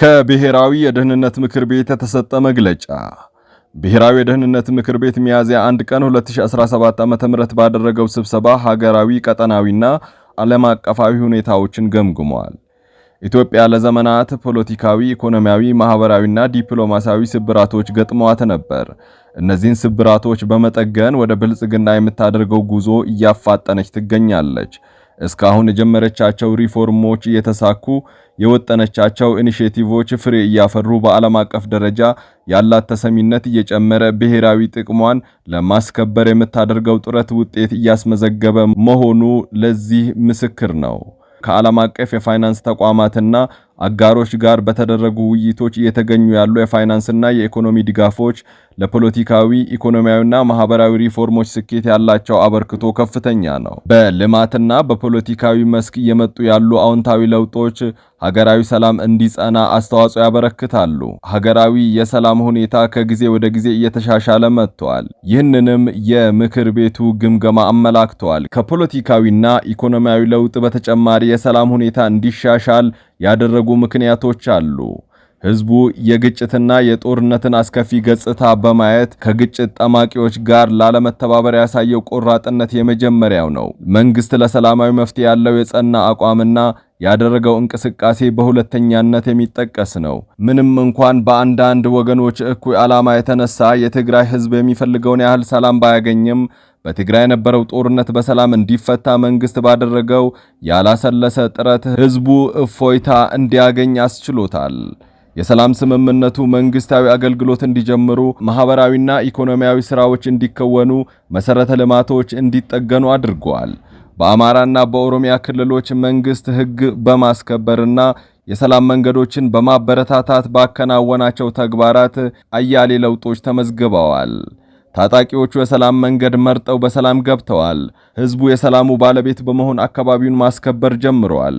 ከብሔራዊ የደህንነት ምክር ቤት የተሰጠ መግለጫ። ብሔራዊ የደህንነት ምክር ቤት ሚያዝያ 1 ቀን 2017 ዓ.ም ባደረገው ስብሰባ ሀገራዊ፣ ቀጠናዊና ዓለም አቀፋዊ ሁኔታዎችን ገምግሟል። ኢትዮጵያ ለዘመናት ፖለቲካዊ፣ ኢኮኖሚያዊ፣ ማህበራዊና ዲፕሎማሲያዊ ስብራቶች ገጥመዋት ነበር። እነዚህን ስብራቶች በመጠገን ወደ ብልጽግና የምታደርገው ጉዞ እያፋጠነች ትገኛለች። እስካሁን የጀመረቻቸው ሪፎርሞች እየተሳኩ የወጠነቻቸው ኢኒሼቲቮች ፍሬ እያፈሩ በዓለም አቀፍ ደረጃ ያላት ተሰሚነት እየጨመረ ብሔራዊ ጥቅሟን ለማስከበር የምታደርገው ጥረት ውጤት እያስመዘገበ መሆኑ ለዚህ ምስክር ነው። ከዓለም አቀፍ የፋይናንስ ተቋማትና አጋሮች ጋር በተደረጉ ውይይቶች እየተገኙ ያሉ የፋይናንስና የኢኮኖሚ ድጋፎች ለፖለቲካዊ ኢኮኖሚያዊና ማህበራዊ ሪፎርሞች ስኬት ያላቸው አበርክቶ ከፍተኛ ነው። በልማትና በፖለቲካዊ መስክ እየመጡ ያሉ አዎንታዊ ለውጦች ሀገራዊ ሰላም እንዲጸና አስተዋጽኦ ያበረክታሉ። ሀገራዊ የሰላም ሁኔታ ከጊዜ ወደ ጊዜ እየተሻሻለ መጥቷል። ይህንንም የምክር ቤቱ ግምገማ አመላክተዋል። ከፖለቲካዊና ኢኮኖሚያዊ ለውጥ በተጨማሪ የሰላም ሁኔታ እንዲሻሻል ያደረጉ ምክንያቶች አሉ። ህዝቡ የግጭትና የጦርነትን አስከፊ ገጽታ በማየት ከግጭት ጠማቂዎች ጋር ላለመተባበር ያሳየው ቆራጥነት የመጀመሪያው ነው። መንግስት ለሰላማዊ መፍትሄ ያለው የጸና አቋምና ያደረገው እንቅስቃሴ በሁለተኛነት የሚጠቀስ ነው። ምንም እንኳን በአንዳንድ ወገኖች እኩይ ዓላማ የተነሳ የትግራይ ህዝብ የሚፈልገውን ያህል ሰላም ባያገኝም በትግራይ የነበረው ጦርነት በሰላም እንዲፈታ መንግስት ባደረገው ያላሰለሰ ጥረት ህዝቡ እፎይታ እንዲያገኝ አስችሎታል። የሰላም ስምምነቱ መንግስታዊ አገልግሎት እንዲጀምሩ፣ ማህበራዊና ኢኮኖሚያዊ ስራዎች እንዲከወኑ፣ መሰረተ ልማቶች እንዲጠገኑ አድርገዋል። በአማራና በኦሮሚያ ክልሎች መንግስት ህግ በማስከበርና የሰላም መንገዶችን በማበረታታት ባከናወናቸው ተግባራት አያሌ ለውጦች ተመዝግበዋል። ታጣቂዎቹ የሰላም መንገድ መርጠው በሰላም ገብተዋል። ህዝቡ የሰላሙ ባለቤት በመሆን አካባቢውን ማስከበር ጀምረዋል።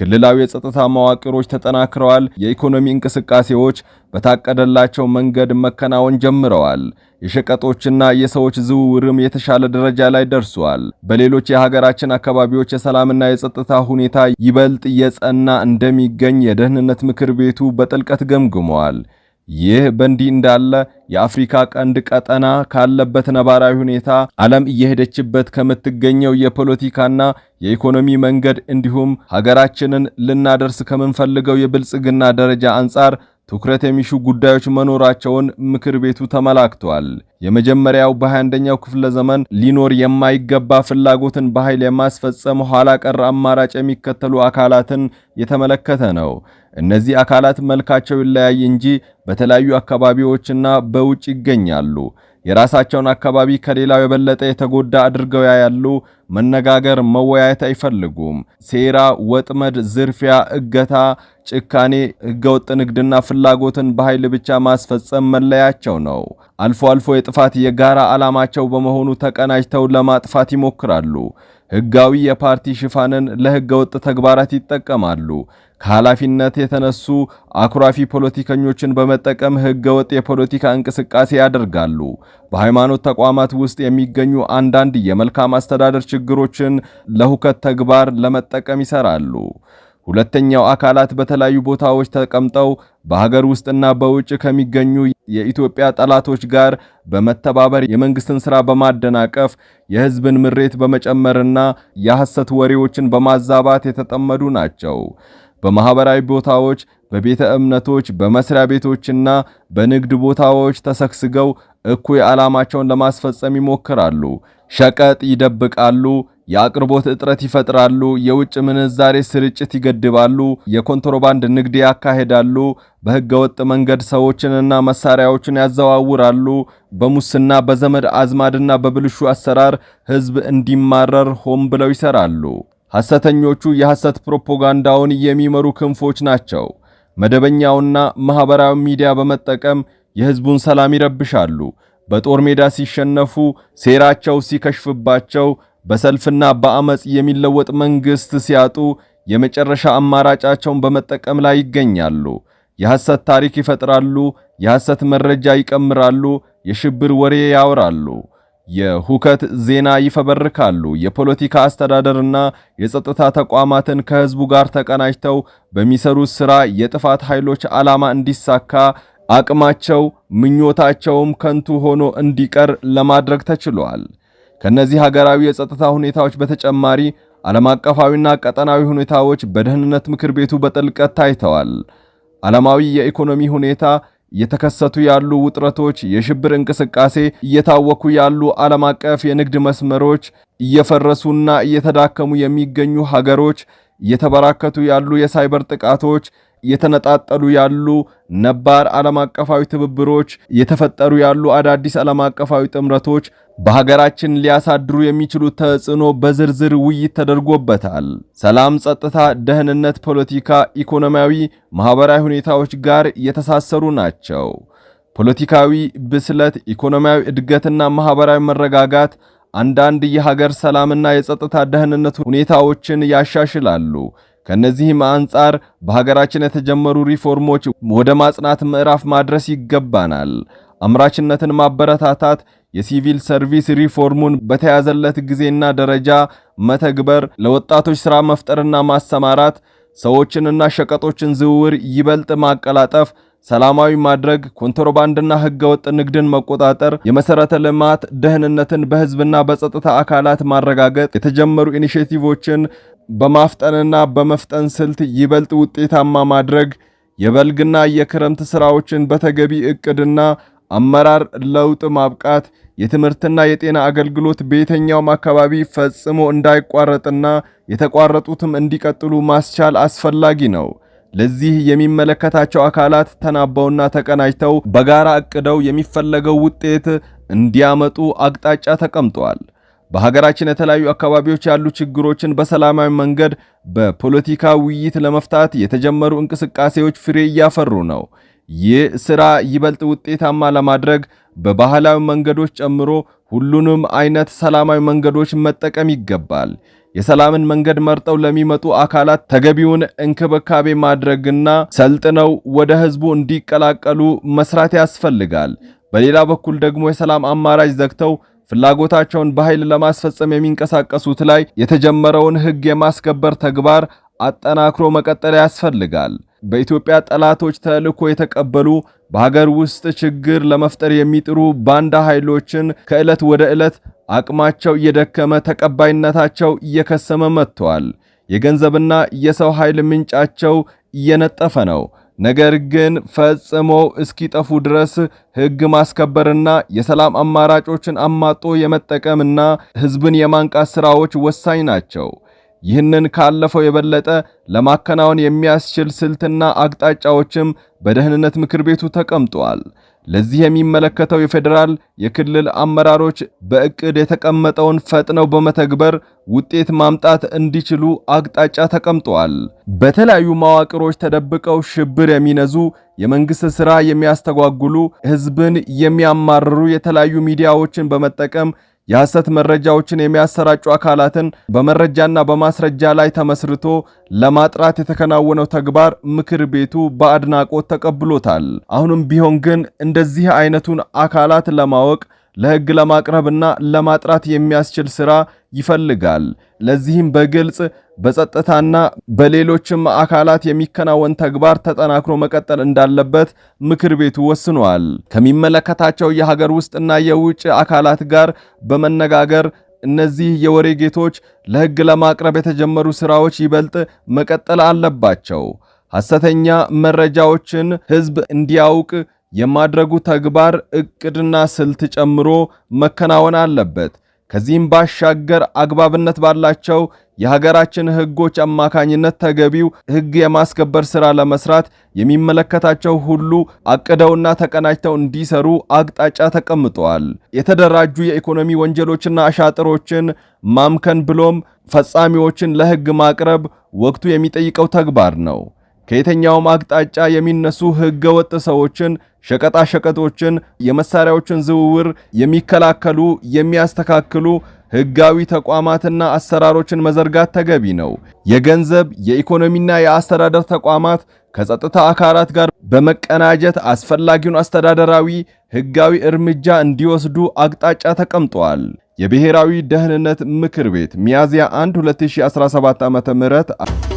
ክልላዊ የጸጥታ መዋቅሮች ተጠናክረዋል። የኢኮኖሚ እንቅስቃሴዎች በታቀደላቸው መንገድ መከናወን ጀምረዋል። የሸቀጦችና የሰዎች ዝውውርም የተሻለ ደረጃ ላይ ደርሷል። በሌሎች የሀገራችን አካባቢዎች የሰላምና የጸጥታ ሁኔታ ይበልጥ እየጸና እንደሚገኝ የደህንነት ምክር ቤቱ በጥልቀት ገምግመዋል። ይህ በእንዲህ እንዳለ የአፍሪካ ቀንድ ቀጠና ካለበት ነባራዊ ሁኔታ ዓለም እየሄደችበት ከምትገኘው የፖለቲካና የኢኮኖሚ መንገድ እንዲሁም ሀገራችንን ልናደርስ ከምንፈልገው የብልጽግና ደረጃ አንጻር ትኩረት የሚሹ ጉዳዮች መኖራቸውን ምክር ቤቱ ተመላክቷል። የመጀመሪያው በ21ኛው ክፍለ ዘመን ሊኖር የማይገባ ፍላጎትን በኃይል የማስፈጸም ኋላ ቀር አማራጭ የሚከተሉ አካላትን የተመለከተ ነው። እነዚህ አካላት መልካቸው ይለያይ እንጂ በተለያዩ አካባቢዎችና በውጭ ይገኛሉ። የራሳቸውን አካባቢ ከሌላው የበለጠ የተጎዳ አድርገው ያያሉ። መነጋገር፣ መወያየት አይፈልጉም። ሴራ፣ ወጥመድ፣ ዝርፊያ፣ እገታ፣ ጭካኔ፣ ህገወጥ ንግድና ፍላጎትን በኃይል ብቻ ማስፈጸም መለያቸው ነው። አልፎ አልፎ የጥፋት የጋራ ዓላማቸው በመሆኑ ተቀናጅተው ለማጥፋት ይሞክራሉ። ህጋዊ የፓርቲ ሽፋንን ለህገ ወጥ ተግባራት ይጠቀማሉ። ከኃላፊነት የተነሱ አኩራፊ ፖለቲከኞችን በመጠቀም ህገ ወጥ የፖለቲካ እንቅስቃሴ ያደርጋሉ። በሃይማኖት ተቋማት ውስጥ የሚገኙ አንዳንድ የመልካም አስተዳደር ችግሮችን ለሁከት ተግባር ለመጠቀም ይሰራሉ። ሁለተኛው አካላት በተለያዩ ቦታዎች ተቀምጠው በሀገር ውስጥና በውጭ ከሚገኙ የኢትዮጵያ ጠላቶች ጋር በመተባበር የመንግስትን ስራ በማደናቀፍ የህዝብን ምሬት በመጨመርና የሐሰት ወሬዎችን በማዛባት የተጠመዱ ናቸው። በማህበራዊ ቦታዎች፣ በቤተ እምነቶች፣ በመስሪያ ቤቶችና በንግድ ቦታዎች ተሰግስገው እኩይ ዓላማቸውን ለማስፈጸም ይሞክራሉ። ሸቀጥ ይደብቃሉ። የአቅርቦት እጥረት ይፈጥራሉ። የውጭ ምንዛሬ ስርጭት ይገድባሉ። የኮንትሮባንድ ንግድ ያካሄዳሉ። በህገወጥ መንገድ ሰዎችንና መሳሪያዎችን ያዘዋውራሉ። በሙስና በዘመድ አዝማድና በብልሹ አሰራር ሕዝብ እንዲማረር ሆን ብለው ይሰራሉ። ሐሰተኞቹ የሐሰት ፕሮፓጋንዳውን የሚመሩ ክንፎች ናቸው። መደበኛውና ማኅበራዊ ሚዲያ በመጠቀም የሕዝቡን ሰላም ይረብሻሉ። በጦር ሜዳ ሲሸነፉ ሴራቸው ሲከሽፍባቸው፣ በሰልፍና በአመፅ የሚለወጥ መንግስት ሲያጡ የመጨረሻ አማራጫቸውን በመጠቀም ላይ ይገኛሉ። የሐሰት ታሪክ ይፈጥራሉ። የሐሰት መረጃ ይቀምራሉ። የሽብር ወሬ ያወራሉ። የሁከት ዜና ይፈበርካሉ። የፖለቲካ አስተዳደርና የጸጥታ ተቋማትን ከህዝቡ ጋር ተቀናጅተው በሚሰሩት ሥራ የጥፋት ኃይሎች ዓላማ እንዲሳካ አቅማቸው ምኞታቸውም ከንቱ ሆኖ እንዲቀር ለማድረግ ተችሏል። ከነዚህ ሀገራዊ የጸጥታ ሁኔታዎች በተጨማሪ ዓለም አቀፋዊና ቀጠናዊ ሁኔታዎች በደህንነት ምክር ቤቱ በጥልቀት ታይተዋል። ዓለማዊ የኢኮኖሚ ሁኔታ፣ እየተከሰቱ ያሉ ውጥረቶች፣ የሽብር እንቅስቃሴ፣ እየታወኩ ያሉ ዓለም አቀፍ የንግድ መስመሮች፣ እየፈረሱና እየተዳከሙ የሚገኙ ሀገሮች፣ እየተበራከቱ ያሉ የሳይበር ጥቃቶች እየተነጣጠሉ ያሉ ነባር ዓለም አቀፋዊ ትብብሮች፣ እየተፈጠሩ ያሉ አዳዲስ ዓለም አቀፋዊ ጥምረቶች በሀገራችን ሊያሳድሩ የሚችሉ ተጽዕኖ በዝርዝር ውይይት ተደርጎበታል። ሰላም፣ ጸጥታ፣ ደህንነት፣ ፖለቲካ፣ ኢኮኖሚያዊ፣ ማህበራዊ ሁኔታዎች ጋር የተሳሰሩ ናቸው። ፖለቲካዊ ብስለት፣ ኢኮኖሚያዊ እድገትና ማህበራዊ መረጋጋት አንዳንድ የሀገር ሰላምና የጸጥታ ደህንነት ሁኔታዎችን ያሻሽላሉ። ከነዚህም አንጻር በሀገራችን የተጀመሩ ሪፎርሞች ወደ ማጽናት ምዕራፍ ማድረስ ይገባናል። አምራችነትን ማበረታታት፣ የሲቪል ሰርቪስ ሪፎርሙን በተያዘለት ጊዜና ደረጃ መተግበር፣ ለወጣቶች ሥራ መፍጠርና ማሰማራት፣ ሰዎችንና ሸቀጦችን ዝውውር ይበልጥ ማቀላጠፍ ሰላማዊ ማድረግ፣ ኮንትሮባንድና ህገወጥ ንግድን መቆጣጠር፣ የመሰረተ ልማት ደህንነትን በህዝብና በጸጥታ አካላት ማረጋገጥ፣ የተጀመሩ ኢኒሼቲቮችን በማፍጠንና በመፍጠን ስልት ይበልጥ ውጤታማ ማድረግ፣ የበልግና የክረምት ስራዎችን በተገቢ እቅድና አመራር ለውጥ ማብቃት፣ የትምህርትና የጤና አገልግሎት በየትኛውም አካባቢ ፈጽሞ እንዳይቋረጥና የተቋረጡትም እንዲቀጥሉ ማስቻል አስፈላጊ ነው። ለዚህ የሚመለከታቸው አካላት ተናበውና ተቀናጅተው በጋራ አቅደው የሚፈለገው ውጤት እንዲያመጡ አቅጣጫ ተቀምጧል። በሀገራችን የተለያዩ አካባቢዎች ያሉ ችግሮችን በሰላማዊ መንገድ በፖለቲካ ውይይት ለመፍታት የተጀመሩ እንቅስቃሴዎች ፍሬ እያፈሩ ነው። ይህ ስራ ይበልጥ ውጤታማ ለማድረግ በባህላዊ መንገዶች ጨምሮ ሁሉንም አይነት ሰላማዊ መንገዶች መጠቀም ይገባል። የሰላምን መንገድ መርጠው ለሚመጡ አካላት ተገቢውን እንክብካቤ ማድረግና ሰልጥነው ወደ ህዝቡ እንዲቀላቀሉ መስራት ያስፈልጋል። በሌላ በኩል ደግሞ የሰላም አማራጭ ዘግተው ፍላጎታቸውን በኃይል ለማስፈጸም የሚንቀሳቀሱት ላይ የተጀመረውን ህግ የማስከበር ተግባር አጠናክሮ መቀጠል ያስፈልጋል። በኢትዮጵያ ጠላቶች ተልዕኮ የተቀበሉ በሀገር ውስጥ ችግር ለመፍጠር የሚጥሩ ባንዳ ኃይሎችን ከዕለት ወደ ዕለት አቅማቸው እየደከመ ተቀባይነታቸው እየከሰመ መጥተዋል። የገንዘብና የሰው ኃይል ምንጫቸው እየነጠፈ ነው። ነገር ግን ፈጽሞ እስኪጠፉ ድረስ ሕግ ማስከበርና የሰላም አማራጮችን አማጦ የመጠቀምና ሕዝብን የማንቃት ሥራዎች ወሳኝ ናቸው። ይህንን ካለፈው የበለጠ ለማከናወን የሚያስችል ስልትና አቅጣጫዎችም በደህንነት ምክር ቤቱ ተቀምጧል። ለዚህ የሚመለከተው የፌዴራል የክልል አመራሮች በእቅድ የተቀመጠውን ፈጥነው በመተግበር ውጤት ማምጣት እንዲችሉ አቅጣጫ ተቀምጧል። በተለያዩ መዋቅሮች ተደብቀው ሽብር የሚነዙ የመንግስት ሥራ የሚያስተጓጉሉ፣ ሕዝብን የሚያማርሩ የተለያዩ ሚዲያዎችን በመጠቀም የሐሰት መረጃዎችን የሚያሰራጩ አካላትን በመረጃና በማስረጃ ላይ ተመስርቶ ለማጥራት የተከናወነው ተግባር ምክር ቤቱ በአድናቆት ተቀብሎታል። አሁንም ቢሆን ግን እንደዚህ አይነቱን አካላት ለማወቅ ለሕግ ለማቅረብና ለማጥራት የሚያስችል ሥራ ይፈልጋል። ለዚህም በግልጽ በጸጥታና በሌሎችም አካላት የሚከናወን ተግባር ተጠናክሮ መቀጠል እንዳለበት ምክር ቤቱ ወስኗል። ከሚመለከታቸው የሀገር ውስጥና የውጭ አካላት ጋር በመነጋገር እነዚህ የወሬ ጌቶች ለሕግ ለማቅረብ የተጀመሩ ሥራዎች ይበልጥ መቀጠል አለባቸው። ሐሰተኛ መረጃዎችን ሕዝብ እንዲያውቅ የማድረጉ ተግባር እቅድና ስልት ጨምሮ መከናወን አለበት። ከዚህም ባሻገር አግባብነት ባላቸው የሀገራችን ሕጎች አማካኝነት ተገቢው ሕግ የማስከበር ሥራ ለመስራት የሚመለከታቸው ሁሉ አቅደውና ተቀናጅተው እንዲሰሩ አቅጣጫ ተቀምጠዋል። የተደራጁ የኢኮኖሚ ወንጀሎችና አሻጥሮችን ማምከን ብሎም ፈጻሚዎችን ለሕግ ማቅረብ ወቅቱ የሚጠይቀው ተግባር ነው። ከየትኛውም አቅጣጫ የሚነሱ ህገወጥ ሰዎችን፣ ሸቀጣሸቀጦችን፣ የመሳሪያዎችን ዝውውር የሚከላከሉ የሚያስተካክሉ ህጋዊ ተቋማትና አሰራሮችን መዘርጋት ተገቢ ነው። የገንዘብ የኢኮኖሚና የአስተዳደር ተቋማት ከጸጥታ አካላት ጋር በመቀናጀት አስፈላጊውን አስተዳደራዊ ህጋዊ እርምጃ እንዲወስዱ አቅጣጫ ተቀምጧል። የብሔራዊ ደህንነት ምክር ቤት ሚያዝያ 1 2017 ዓ.ም